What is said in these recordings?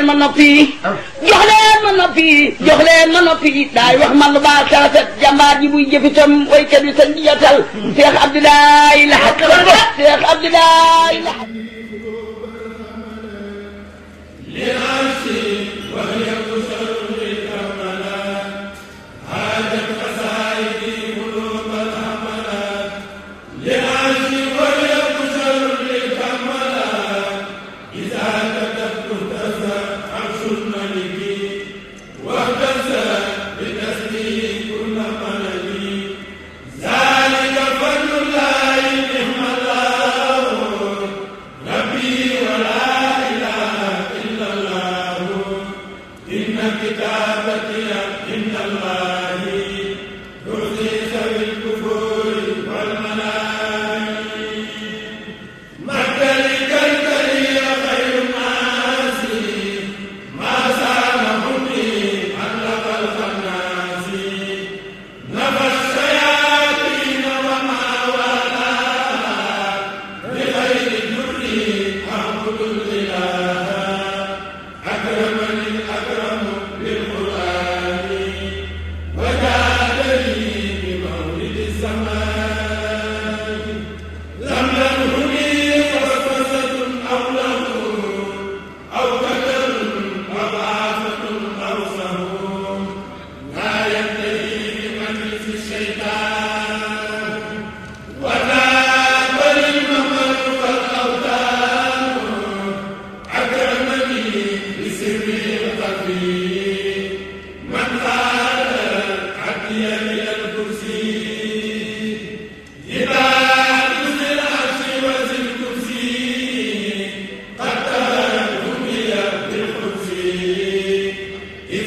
leen ma noppi ah. jox leen ma noppi jox leen ma noppi daay wax man lu baax tarafet jàmbaar ji buy jëfitam waykat yi sañ bi jotal Cheikh Abdoulaye Lahat Cheikh ah, Abdoulaye الكتاب Amém,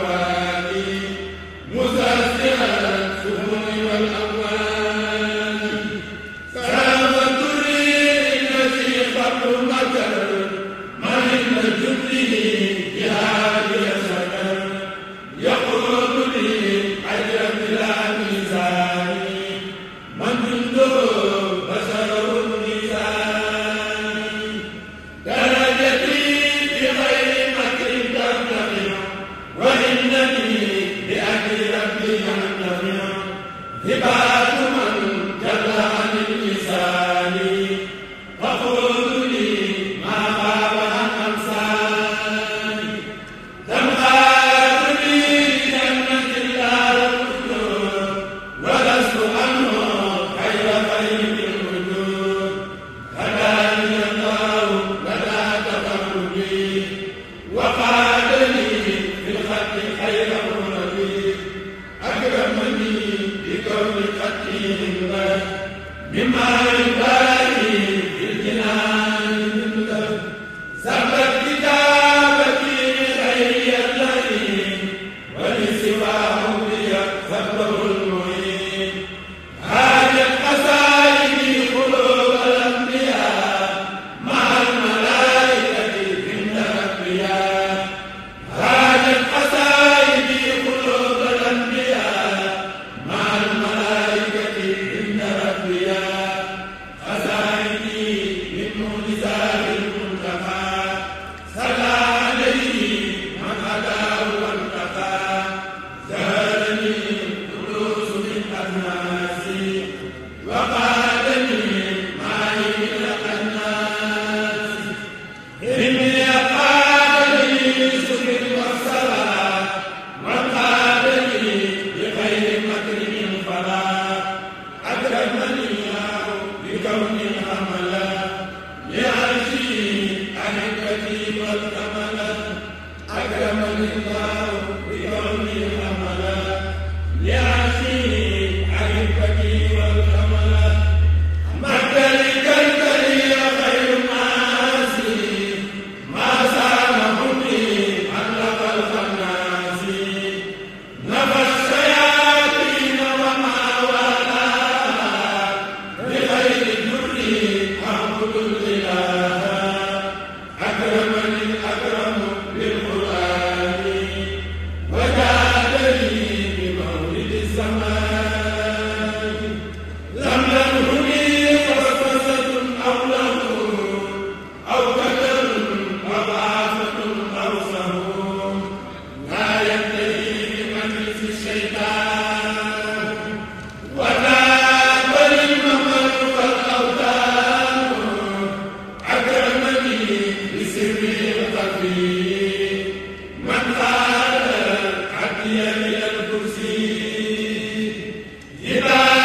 الكرسي